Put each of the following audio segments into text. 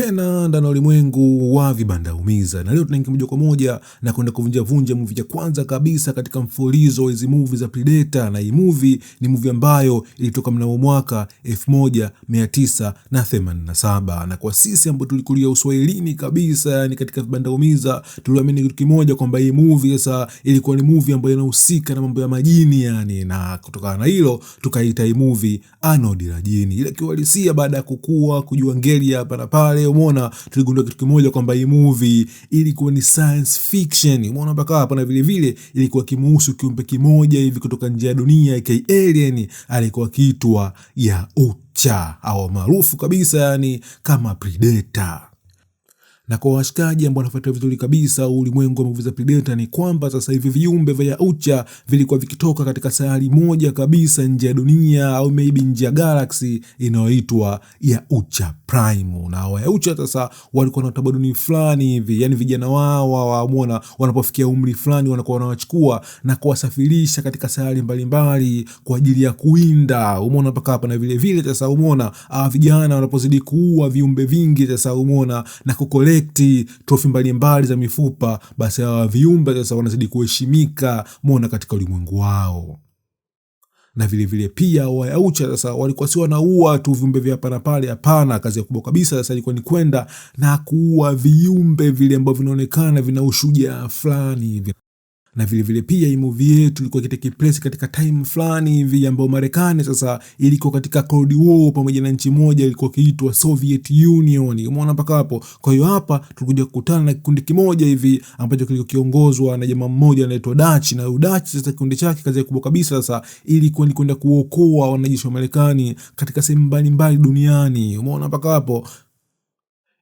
tena ndani ya ulimwengu wa vibanda umiza, na leo tunaingia moja kwa moja na kwenda kuvunja vunja movie ya kwanza kabisa katika mfululizo wa hizi movie za Predator, na hii movie ni movie ambayo ilitoka mnamo mwaka 1987 na na kwa sisi ambao tulikulia uswahilini kabisa, yani katika vibanda umiza, tuliamini kitu kimoja kwamba hii movie sasa ilikuwa ni movie ambayo inahusika na mambo ya majini yani, na kutokana na hilo tukaita hii movie Anodi la Jini, ila kiuhalisia baada ya kukua kujua ngeli hapa na pale unayomwona tuligundua kitu kimoja kwamba hii movie ilikuwa ni science fiction umeona mpaka hapa na vile vile ilikuwa kimuhusu kiumbe kimoja hivi kutoka nje ya dunia aka alien alikuwa kitwa ya ucha au maarufu kabisa yani kama predator na kwa washikaji ambao wanafuatilia vizuri kabisa ulimwengu wa movie za Predator ni kwamba sasa hivi viumbe vya Ocha vilikuwa vikitoka katika sayari moja kabisa nje ya dunia au maybe nje ya galaxy inayoitwa Yaucha Prime. Na Wayaucha sasa walikuwa na utamaduni fulani hivi, yani vijana wao wawaona wanapofikia umri fulani wanakuwa wanawachukua na kuwasafirisha katika sayari mbalimbali kwa ajili ya kuinda. Umeona mpaka hapa, na vile vile sasa umeona ah, vijana wanapozidi kuua viumbe vingi sasa umeona na kukole kukolekti trofi mbalimbali za mifupa, basi hawa viumbe sasa wanazidi kuheshimika mona katika ulimwengu wao na vilevile vile pia Wayaucha sasa walikuwa si wanaua tu viumbe vya hapa na pale. Hapana, kazi kubwa kabisa sasa ilikuwa ni kwenda na kuua viumbe vile ambavyo vinaonekana vina ushujaa fulani na vile vile pia hii movie yetu ilikuwa kitake place katika time fulani hivi ambayo Marekani sasa ilikuwa katika Cold War pamoja na nchi moja ilikuwa kiitwa Soviet Union. Umeona mpaka hapo. Kwa hiyo hapa tulikuja kukutana na kikundi kimoja hivi ambacho kilikuwa kiongozwa na jamaa mmoja anaitwa Dutch na Dutch, sasa kikundi chake kazi kubwa kabisa sasa ilikuwa ni kwenda kuokoa wanajeshi wa Marekani katika sehemu mbalimbali duniani. Umeona mpaka hapo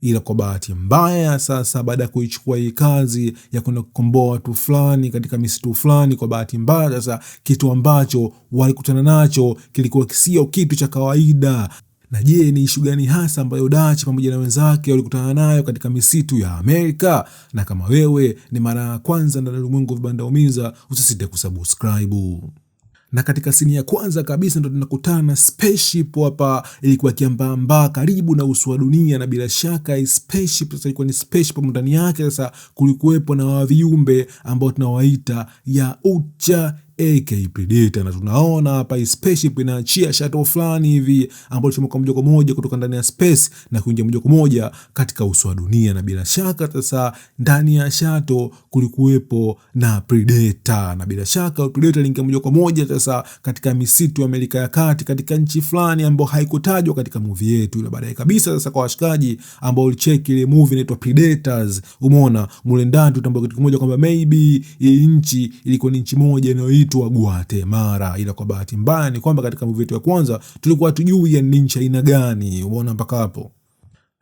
ila kwa bahati mbaya sasa, baada ya kuichukua hii kazi ya kwenda kukomboa watu fulani katika misitu fulani, kwa bahati mbaya sasa, kitu ambacho walikutana nacho kilikuwa sio kitu cha kawaida. Na je, ni ishu gani hasa ambayo Dach pamoja na wenzake walikutana nayo katika misitu ya Amerika? Na kama wewe ni mara ya kwanza ndani ya ulimwengu wa vibanda umiza, usisite kusubscribe na katika sini ya kwanza kabisa ndo tunakutana na spaceship hapa, ilikuwa kiambaambaa karibu na uso wa dunia, na bila shaka spaceship sasa ilikuwa ni spaceship ndani yake sasa kulikuwepo na viumbe ambao tunawaita ya ucha AK Predator na tunaona hapa spaceship inaachia shuttle fulani hivi ambayo tumekuwa moja kwa moja kutoka ndani ya space na kuingia moja kwa moja katika uso wa dunia, na bila shaka sasa ndani ya shuttle kulikuwepo na Predator, na bila shaka Predator iliingia moja kwa moja sasa katika misitu ya Amerika ya Kati, katika nchi fulani ambayo haikutajwa katika movie yetu ile baadaye kabisa. Sasa kwa washikaji ambao ulicheki ile movie inaitwa Predators, umeona mule ndani tutambua kitu kimoja kwamba maybe hii nchi ilikuwa ni nchi moja inayo msitu wa Guatemala, ila kwa bahati mbaya ni kwamba katika movie yetu ya kwanza tulikuwa tujui ya ni nchi aina gani. Umeona mpaka hapo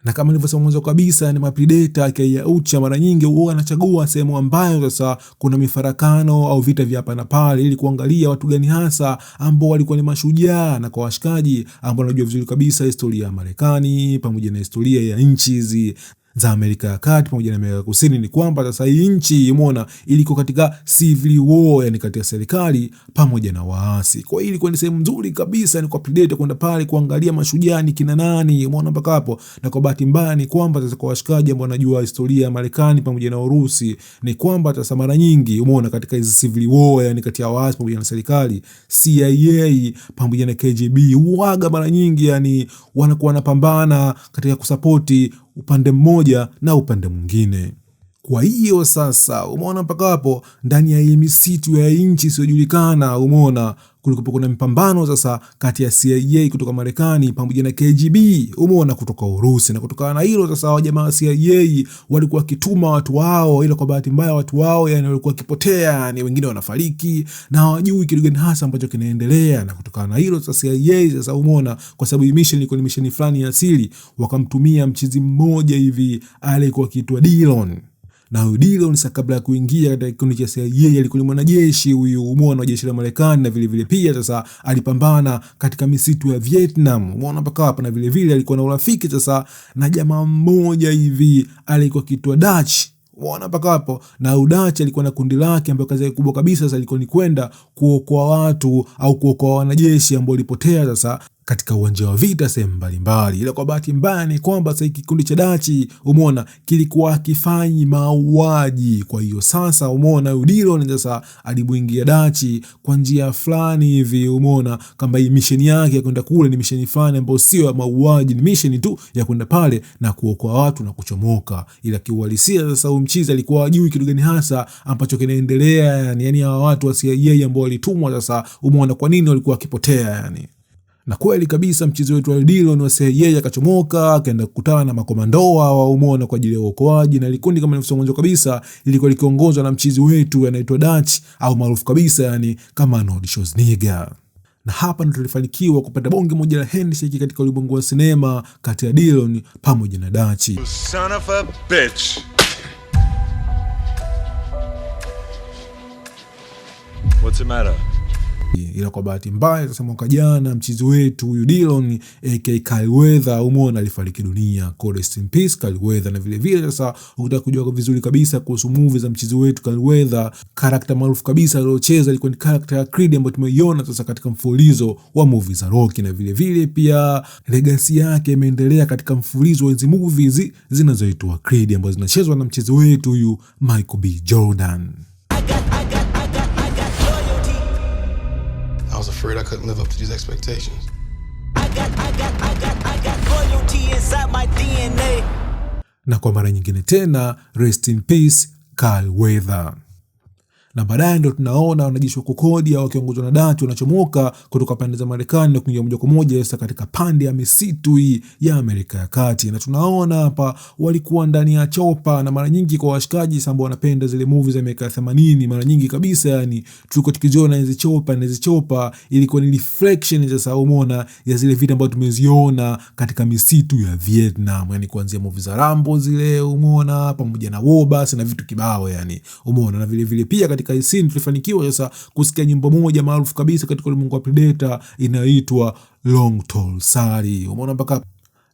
na kama nilivyosema mwanzo kabisa, ni mapredeta akiaia ucha mara nyingi huwa anachagua sehemu ambayo sasa kuna mifarakano au vita vya hapa na pale, ili kuangalia watu gani hasa ambao walikuwa ni mashujaa, na kwa washikaji ambao wanajua vizuri kabisa historia ya Marekani pamoja na historia ya nchi hizi za Amerika ya Kati pamoja na Amerika Kusini ni kwamba sasa hii nchi imeona iliko katika civil war, yani kati ya serikali pamoja na waasi. Kwa hiyo ilikuwa ni sehemu nzuri kabisa ni kwa predator kwenda pale kuangalia mashujaa ni kina nani, umeona mpaka hapo. Na kwa bahati mbaya ni kwamba sasa kwa washikaji ambao wanajua historia ya Marekani pamoja na Urusi ni kwamba sasa mara nyingi umeona katika hizi civil war, yani kati ya waasi pamoja na serikali, CIA pamoja na KGB huaga mara nyingi, yani wanakuwa wanapambana katika kusapoti upande mmoja na upande mwingine. Kwa hiyo sasa, umeona mpaka hapo, ndani ya hii misitu ya nchi isiyojulikana, umeona kulikuwa kuna mpambano sasa kati ya CIA kutoka Marekani pamoja na KGB, umeona, kutoka Urusi. Na kutokana na hilo sasa, wa jamaa CIA walikuwa wakituma watu wao, ila kwa bahati mbaya watu wao yani walikuwa wakipotea, yani wengine wanafariki na hawajui kitu gani hasa ambacho kinaendelea. Na kutokana na hilo sasa, CIA sasa, umeona, kwa sababu hii mission ilikuwa ni mission fulani ya siri, wakamtumia mchizi mmoja hivi aliyekuwa akiitwa Dillon na Odilon kabla ya kuingia katika kikundi cha CIA alikuwa ni mwanajeshi huyu, umeona wa jeshi la Marekani, na vile vile pia sasa alipambana katika misitu ya Vietnam, umeona mpaka hapa, na vile vile alikuwa na urafiki sasa na jamaa mmoja hivi alikuwa kitwa Dutch Unaona mpaka hapo. Na Udachi alikuwa na kundi lake ambayo kazi yake kubwa kabisa sasa ilikuwa ni kwenda kuokoa watu au kuokoa wanajeshi ambao walipotea sasa katika uwanja wa vita sehemu mbalimbali, ila kwa bahati mbaya ni kwamba sasa kikundi cha Dachi umeona kilikuwa kifanyi mauaji. Kwa hiyo sasa umeona Udilo sasa alipoingia Dachi kwa njia fulani hivi, umeona kama hii misheni yake ya kwenda kule ni misheni fulani ambayo sio ya mauaji, ni misheni tu ya kwenda pale na kuokoa watu na kuchomoka, ila kiuhalisia sasa umchizi alikuwa ajui kitu gani hasa ambacho kinaendelea, yani yani hawa watu wasiyeye ambao walitumwa sasa, umeona kwa nini walikuwa wakipotea yani na kweli kabisa mchezo wetu wa Dillon wase yeye akachomoka akaenda kukutana na makomandoa wa umona kwa ajili ya uokoaji, na likundi kama nilivyosema mwanzo kabisa ilikuwa likiongozwa na mchizi wetu anaitwa Dutch au maarufu kabisa yani kama Arnold Schwarzenegger. Na hapa ndo tulifanikiwa kupata bonge moja la handshake katika ulimwengu wa sinema kati ya Dillon pamoja na Dutch. Son of a bitch. What's the matter? ila kwa bahati mbaya sasa mwaka jana mchezo wetu huyu Dillon AK Kaiwether umeona alifariki dunia. Rest in peace Na vile vile sasa ukitaka kujua vizuri kabisa kuhusu movie za mchezo wetu Kaiwether, character maarufu kabisa aliyocheza ilikuwa ni character ya Creed ambayo tumeiona sasa katika mfululizo wa movie za Rocky, na vile vile pia legacy yake imeendelea katika mfululizo wa hizo movies zinazoitwa Creed ambazo zinachezwa na mchezo wetu huyu Michael B Jordan. was afraid I couldn't live up to these expectations. I got, I got, I got, I got loyalty inside my DNA. Na kwa mara nyingine tena, rest in peace, Kyle Weather na baadaye ndo tunaona wanajeshi wa kukodi au wakiongozwa na dati wanachomoka kutoka pande za Marekani na kuingia moja kwa moja sasa katika pande ya misitu hii ya Amerika ya Kati, na tunaona hapa walikuwa ndani ya chopa, na mara nyingi kwa washikaji ambao wanapenda zile movie za miaka ya 80 mara nyingi kabisa, yani tulikuwa tukiziona hizo chopa na hizo chopa ilikuwa ni reflection sasa, umeona ya zile vita ambazo tumeziona katika misitu ya Vietnam, yani kuanzia movie za Rambo zile, umeona pamoja na War na vitu kibao, yani umeona na vile vile pia katika katika Isini tulifanikiwa sasa kusikia nyimbo moja maarufu kabisa katika ulimwengu wa Predator inaitwa Long Tall Sally. Umeona mpaka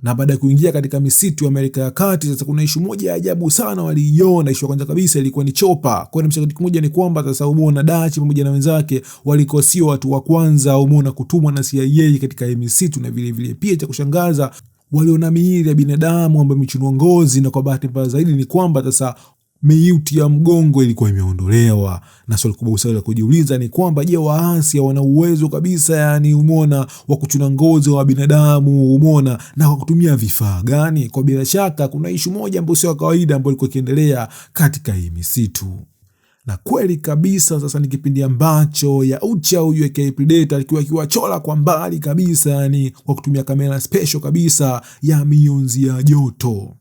na baada ya kuingia katika misitu ya Amerika ya Kati, sasa kuna ishu moja ya ajabu sana waliiona. Ishu ya kwanza kabisa ilikuwa ni chopa. Kwa mshakati kimoja ni kwamba sasa umeona Dachi pamoja na wenzake walikosiwa watu wa kwanza, umeona kutumwa na CIA katika misitu, na vile vile pia cha kushangaza waliona miili ya binadamu ambayo imechinuwa ngozi, na kwa bahati mbaya zaidi ni kwamba sasa miuti ya mgongo ilikuwa imeondolewa, na swali kubwa usali la kujiuliza ni kwamba je, waasi wana uwezo kabisa, yani umona, wa kuchuna ngozi wa binadamu umona, na kwa kutumia vifaa gani? Kwa bila shaka kuna ishu moja ambayo sio kawaida ambayo ilikuwa ikiendelea katika hii misitu na kweli kabisa, sasa ni kipindi ambacho Yautja huyu aka Predator alikuwa akiwachola kwa mbali kabisa, yani kwa kutumia kamera special kabisa ya mionzi ya joto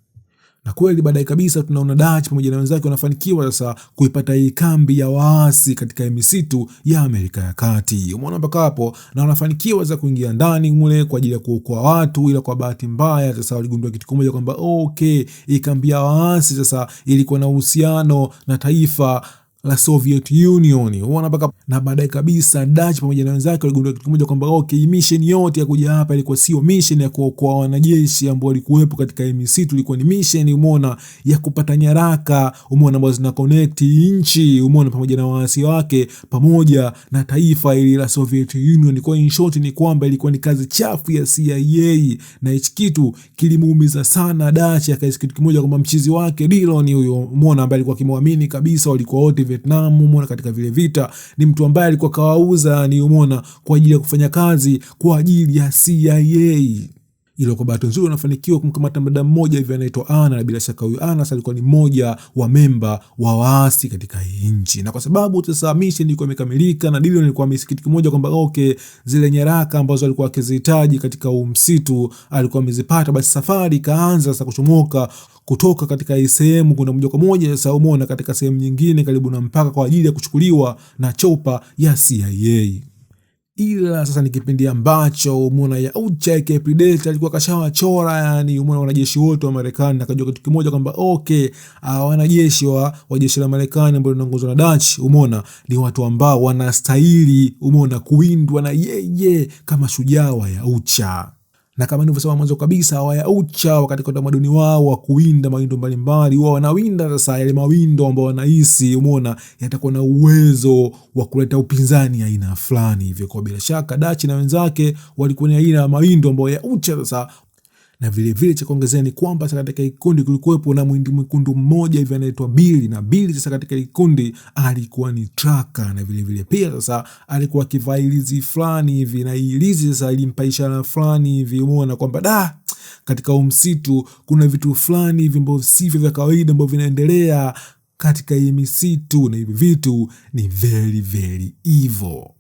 na kweli baadaye kabisa tunaona Dutch pamoja na wenzake wanafanikiwa sasa kuipata hii kambi ya waasi katika misitu ya Amerika ya Kati. Umeona mpaka hapo, na wanafanikiwa sasa kuingia ndani mule kwa ajili ya kuokoa watu, ila kwa bahati mbaya sasa waligundua kitu kimoja kwamba okay, hii kambi ya waasi sasa ilikuwa na uhusiano na taifa la Soviet Union, unaona mpaka na baadaye kabisa Dutch pamoja na wenzake waligundua kitu kimoja kwamba okay, mission yote ya kuja hapa ilikuwa sio mission ya kuokoa wanajeshi ambao walikuwepo katika misitu, ilikuwa ni mission umeona ya kupata nyaraka umeona ambazo zina connect nchi umeona pamoja na waasi wake pamoja na taifa ili la Soviet Union. Kwa in short ni kwamba ilikuwa ni kazi chafu ya CIA na hichi kitu kilimuumiza sana Dutch, akaisikia kitu kimoja kwamba mchizi wake Dillon huyo umeona ambaye alikuwa kimwamini kabisa walikuwa wote Vietnam, umeona katika vile vita, ni mtu ambaye alikuwa kawauza, yani umeona, kwa ajili ya kufanya kazi kwa ajili ya CIA ila kwa bahati nzuri wanafanikiwa kumkamata mdada mmoja hivi anaitwa Ana, na bila shaka huyu Ana alikuwa ni mmoja wa memba wa waasi katika hii nchi, na kwa sababu sasa mission ilikuwa imekamilika na Dillion alikuwa amesikitiki kimoja kwamba okay, zile nyaraka ambazo alikuwa akizihitaji katika umsitu alikuwa amezipata, basi safari ikaanza sasa kuchomoka kutoka katika hii sehemu kuna moja kwa moja sasa, umeona katika sehemu nyingine karibu na mpaka kwa ajili ya kuchukuliwa na chopa ya CIA ila sasa ni kipindi ambacho umeona Yaucha aka Predator alikuwa kashawachora, yani umeona wanajeshi wote wa Marekani, akajua kitu kimoja kwamba okay, wanajeshi wa jeshi la Marekani ambao linaongozwa na Dutch, umeona ni watu ambao wanastahili umeona kuindwa na yeye kama shujaa wa Yaucha na kama nilivyosema mwanzo kabisa, wayaucha katika utamaduni wao wa kuwinda mawindo mbalimbali, huwa wanawinda sasa yale mawindo ambayo wanahisi, umeona, yatakuwa na uwezo wa kuleta upinzani aina fulani hivyo. Kwa bila shaka Dachi na wenzake walikuwa na aina ya mawindo ambayo yaucha sasa na vilevile cha kuongezea ni kwamba sasa katika kikundi kulikuwepo na mwindi mwekundu mmoja hivi anaitwa Bili, na Bili sasa katika kikundi alikuwa ni traka, na vilevile pia sasa alikuwa akivaa ilizi fulani hivi, na ilizi sasa ilimpa ishara fulani hivi, umeona kwamba da katika msitu kuna vitu fulani hivi ambavyo sivyo vya kawaida ambavyo vinaendelea katika hii misitu, na hivi vitu ni very very evil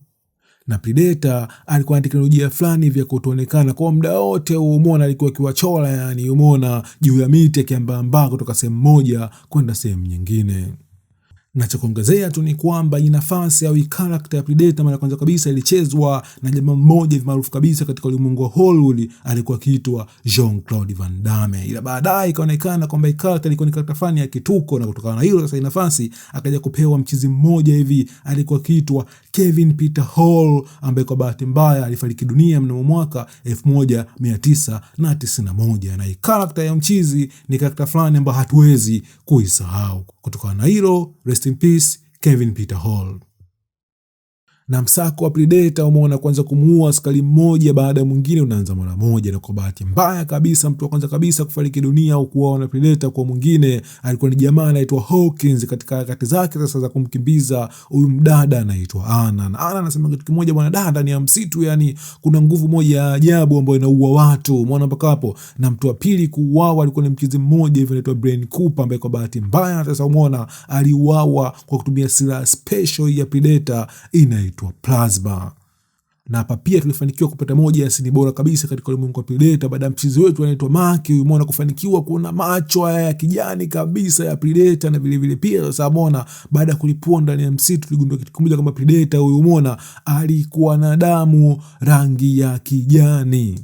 na Predator alikuwa na teknolojia fulani vya kutoonekana kwa muda wote, umeona alikuwa akiwachola yani, umeona juu ya miti akiambaambaa kutoka sehemu moja kwenda sehemu nyingine. Nachokuongezea tu ni kwamba hii nafasi au hii karakta ya Predator mara kwanza kabisa ilichezwa na jamaa mmoja maarufu kabisa katika ulimwengu wa Hollywood, alikuwa akiitwa Jean Claude Van Damme, ila baadaye ikaonekana kwamba hii karakta ilikuwa ni character fani ya kituko, na kutokana na hilo sasa hii nafasi akaja kupewa mchizi mmoja hivi alikuwa akiitwa Kevin Peter Hall, ambaye kwa bahati mbaya alifariki dunia mnamo mwaka 1991 na hii character ya mchizi ni character fulani ambayo hatuwezi kuisahau. Kutokana na hilo rest in peace, Kevin Peter Hall. na msako wa Predator umeona kwanza kumuua askari mmoja baada ya mwingine unaanza mara moja, na kwa bahati mbaya kabisa mtu wa kwanza kabisa kufariki dunia au kuuawa na Predator kwa mwingine alikuwa ni jamaa anaitwa Hawkins katika harakati zake sasa za kumkimbiza huyu mdada anaitwa Anna. Na Anna anasema kitu kimoja, bwana dada, ni ya msitu yani kuna nguvu moja ya ajabu ambayo inaua watu, umeona mpaka hapo. Na mtu wa pili kuuawa alikuwa ni mkizi mmoja hivi anaitwa Brain Cooper ambaye kwa bahati mbaya sasa umeona aliuawa kwa kutumia silaha special ya Predator inaitwa inaitwa plasma na hapa pia tulifanikiwa kupata moja ya sini bora kabisa katika ulimwengu wa Predator baada ya mchezo wetu anaitwa Maki huyu mwana kufanikiwa kuona macho haya ya kijani kabisa ya Predator na vile vile pia sasa mwana baada ya kulipua ndani ya msitu tuligundua kitu kimoja kama Predator huyu mwana alikuwa na damu rangi ya kijani.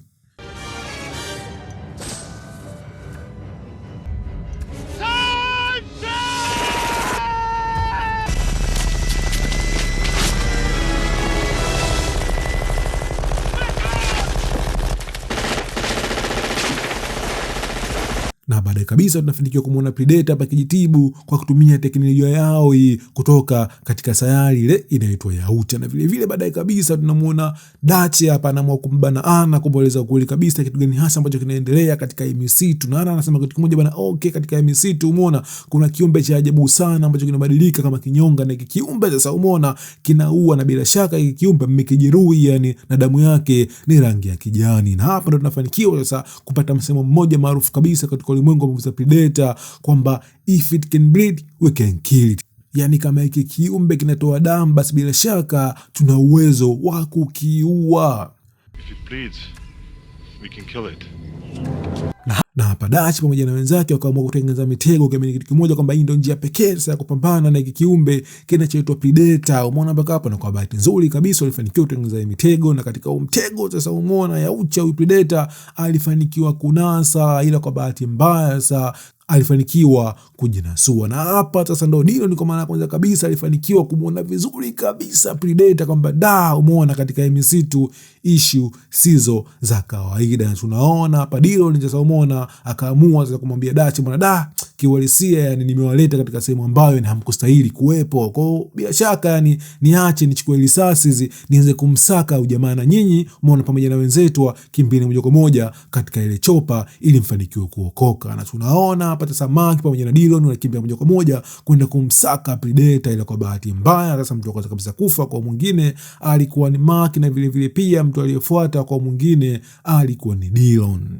kabisa tunafanikiwa kumwona Predator hapa kijitibu kwa kutumia teknolojia yao hii kutoka katika sayari ile inaitwa Yauta, na vile vile baadaye kabisa tunamuona Dachi hapa anaamua kumbana Ana kumweleza ukweli kabisa kitu gani hasa ambacho kinaendelea katika misitu, na Ana anasema kitu kimoja bana, okay, katika misitu umeona kuna kiumbe cha ajabu sana ambacho kinabadilika kama kinyonga, na kiumbe sasa umeona kinaua, na bila shaka hiki kiumbe mmekijeruhi, yani na damu yake ni rangi ya kijani, na hapa ndo tunafanikiwa sasa kupata msemo mmoja maarufu kabisa katika ulimwengu za predator kwamba if it can breed we can kill it Yaani, kama hiki kiumbe kinatoa damu, basi bila shaka tuna uwezo wa kukiua na, hapa Dachi pamoja na wenzake wakaamua kutengeneza mitego, kiamini kitu kimoja kwamba hii ndio njia pekee sasa ya kupambana na kiumbe kinachoitwa Predator. Umeona mpaka hapa, na kwa bahati nzuri kabisa walifanikiwa kutengeneza mitego, na katika huo mtego sasa, umeona ya ucha huyu Predator alifanikiwa kunasa, ila kwa bahati mbaya sasa alifanikiwa kujinasua na hapa sasa ndo Dino ni kwa maana kwanza kabisa alifanikiwa kumuona vizuri kabisa Predator kwamba da, umeona katika misitu ishu sizo za kawaida, tunaona hapa Dino ni sasa akamwona akaamua sasa kumwambia Dachi, bwana da, kiuhalisia yani nimewaleta katika sehemu ambayo ni hamkustahili kuwepo. Kwa hiyo bila shaka yani niache nichukue risasi hizi nianze kumsaka huyu jamaa, na nyinyi muone pamoja na wenzetu kimbini moja kwa moja katika ile chopa ili mfanikiwe kuokoka. Na tunaona hapa sasa Mark pamoja na Dillon wanakimbia moja kwa moja kwenda kumsaka Predator, ila kwa bahati mbaya sasa mtu akaanza kabisa kufa kwa mwingine alikuwa ni Mark, na vile vile pia mtu aliyefuata kwa mwingine alikuwa ni Dillon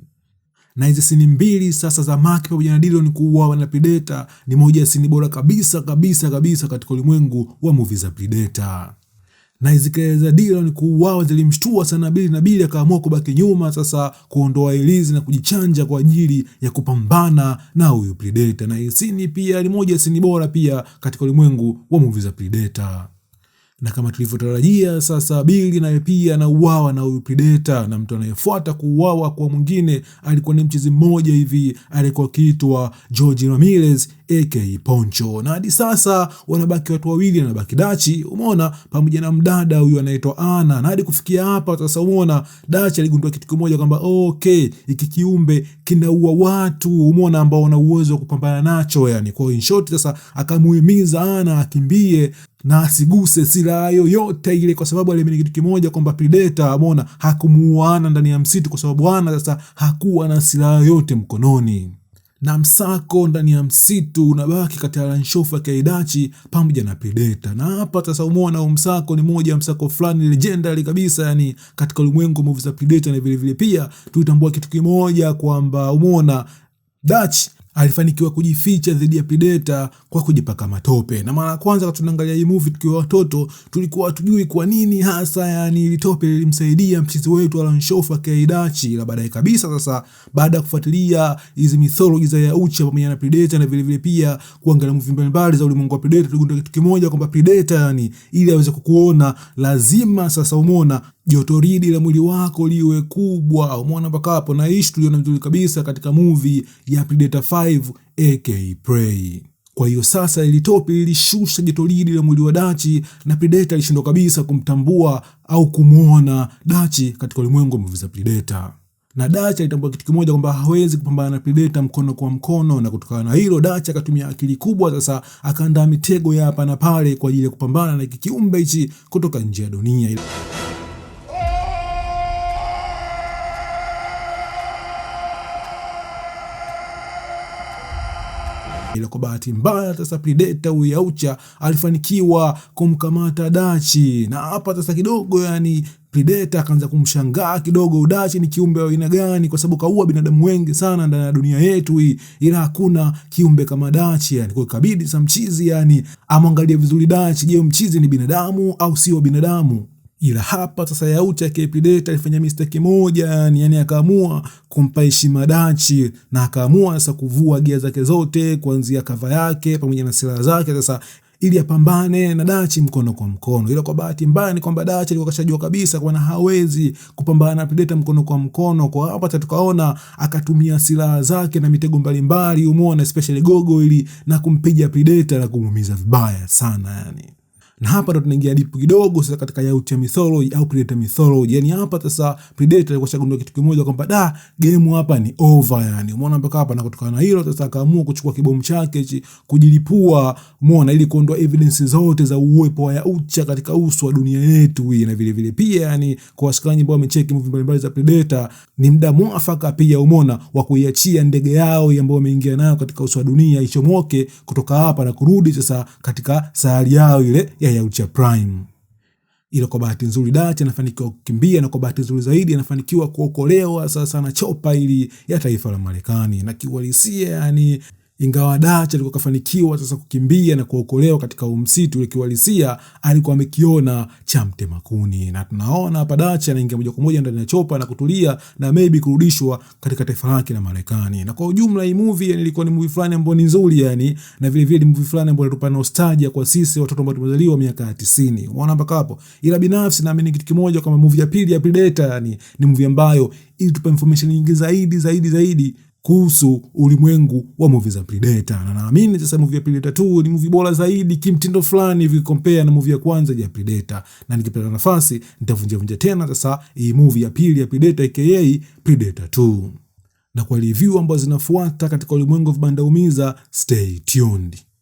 na hizi sini mbili sasa za Mark pamoja na Dillon kuuawa na Predator ni moja ya sini bora kabisa kabisa kabisa katika ulimwengu wa movie za Predator na hizi kelele za Dillon kuuawa zilimshtua sana Bili na Bili akaamua kubaki nyuma sasa kuondoa ilizi na kujichanja kwa ajili ya kupambana na huyu Predator. Na hii sini pia ni moja ya sini bora pia katika ulimwengu wa movie za Predator na kama tulivyotarajia sasa, Bili naye pia anauawa na huyu Predator, na mtu anayefuata kuuawa kwa mwingine alikuwa ni mchezi mmoja hivi alikuwa akiitwa George Ramirez aka Poncho, na hadi sasa wanabaki watu wawili, anabaki Dachi, umeona, pamoja na mdada huyu anaitwa Ana. Na hadi kufikia hapa sasa, umeona, Dachi aligundua kitu kimoja kwamba okay, iki kiumbe kinaua watu, umeona, ambao wana uwezo wa kupambana nacho, yani kwa in short, sasa akamuhimiza Ana akimbie na asiguse silaha yoyote ile, kwa sababu aliamini kitu kimoja kwamba Predator amona hakumuuana ndani ya msitu, kwa sababu ana sasa hakuwa na silaha yoyote mkononi na msako ndani ya msitu unabaki kati ya Lanshofa Kaidachi pamoja na Predator. Na hapa sasa umeona msako ni moja ya msako fulani legendary kabisa, yani katika ulimwengu wa movie za Predator. Na vilevile pia tuitambua kitu kimoja kwamba umeona Dutch alifanikiwa kujificha dhidi ya Predator kwa kujipaka matope. Na mara ya kwanza tunaangalia hii movie tukiwa watoto, tulikuwa hatujui kwa nini hasa yani ile tope ilimsaidia mchizi wetu Alan Shofa Kaidachi, la baadaye kabisa sasa, baada ya kufuatilia hizi mythology za Yaucha pamoja na Predator na vile vile pia kuangalia movie mbalimbali za ulimwengu wa Predator, tuligundua kitu kimoja kwamba Predator yani ili aweze kukuona lazima sasa, umeona joto ridi la mwili wako liwe kubwa. Umeona mpaka hapo, na ishi tuliona vizuri kabisa katika movie ya Predator 5 aka Prey. Kwa hiyo sasa ili topi lilishusha joto la mwili wa Dachi na Predator alishindwa kabisa kumtambua au kumwona Dachi katika ulimwengu wa movie za Predator na Dutch alitambua kitu kimoja kwamba hawezi kupambana na Predator mkono kwa mkono, na kutokana na hilo Dutch akatumia akili kubwa sasa, akaandaa mitego ya hapa na pale kwa ajili ya kupambana na kikiumbe hichi kutoka nje ya dunia. ila kwa bahati mbaya sasa Predator huyu Yaucha alifanikiwa kumkamata Dachi, na hapa sasa kidogo yani Predator akaanza kumshangaa kidogo, Udachi ni kiumbe wa aina gani? Kwa sababu kaua binadamu wengi sana ndani ya dunia yetu hii, ila hakuna kiumbe kama Dachi yani. Kwa kabidi sa mchizi yani amwangalie vizuri Dachi, je, mchizi ni binadamu au sio binadamu? ila hapa sasa Yauti yake Predator alifanya mistake moja yani, yani akaamua kumpa heshima Dachi na akaamua sasa kuvua gia zake zote kuanzia kava yake pamoja na silaha zake sasa ili apambane na Dachi mkono kwa mkono, ila kwa bahati mbaya ni kwamba Dachi alikuwa kashajua kabisa kwamba hawezi kupambana na Predator mkono kwa mkono. Kwa hapa tukaona akatumia silaha zake na mitego mbalimbali, umeona especially gogo, ili na kumpiga Predator na kumuumiza vibaya sana yani na hapa ndo tunaingia dipu kidogo sasa katika ya mythology au predator mythology. Yani hapa sasa predator alikuwa shagundua kitu kimoja kwamba da game hapa ni over, yani umeona mpaka hapa. Na kutokana na hilo sasa akaamua kuchukua kibomu chake hichi kujilipua, umeona, ili kuondoa evidence zote za uwepo wa yautya katika uso wa dunia yetu hii. Na vile vile pia, yani kwa washikaji ambao wamecheki movie mbalimbali za predator, ni muda mwafaka pia, umeona, wa kuiachia ndege yao ambayo wameingia nayo katika uso wa dunia ichomoke kutoka hapa na kurudi sasa katika sayari yao ile ya ya Ultra Prime, ila kwa bahati nzuri Dach anafanikiwa kukimbia na kwa bahati nzuri zaidi anafanikiwa kuokolewa sasa na chopa ili ya taifa la Marekani na kiuhalisia yani ingawa Dacha alikuwa kafanikiwa sasa kukimbia na kuokolewa katika msitu ule kiuhalisia alikuwa amekiona cha mtemakuni, na tunaona hapa Dacha anaingia moja kwa moja ndani ya chopa na kutulia na maybe kurudishwa katika taifa lake la Marekani. Na kwa ujumla hii movie yani, ilikuwa ni movie fulani ambayo ni nzuri yani, na vile vile ni movie fulani ambayo inatupa nostalgia kwa sisi watoto ambao tumezaliwa miaka ya 90. Unaona mpaka hapo. Ila binafsi naamini kitu kimoja kama movie ya pili ya Predator yani, ni movie ambayo ilitupa information nyingi zaidi zaidi zaidi kuhusu ulimwengu wa movie za Predator, na naamini sasa movie ya Predator 2 ni movie bora zaidi kimtindo fulani hivi compare na movie ya kwanza ya Predator, na nikipata nafasi nitavunja vunja tena sasa hii movie ya pili ya Predator aka Predator 2 na kwa review ambazo zinafuata katika ulimwengu wa vibanda umiza. Stay tuned.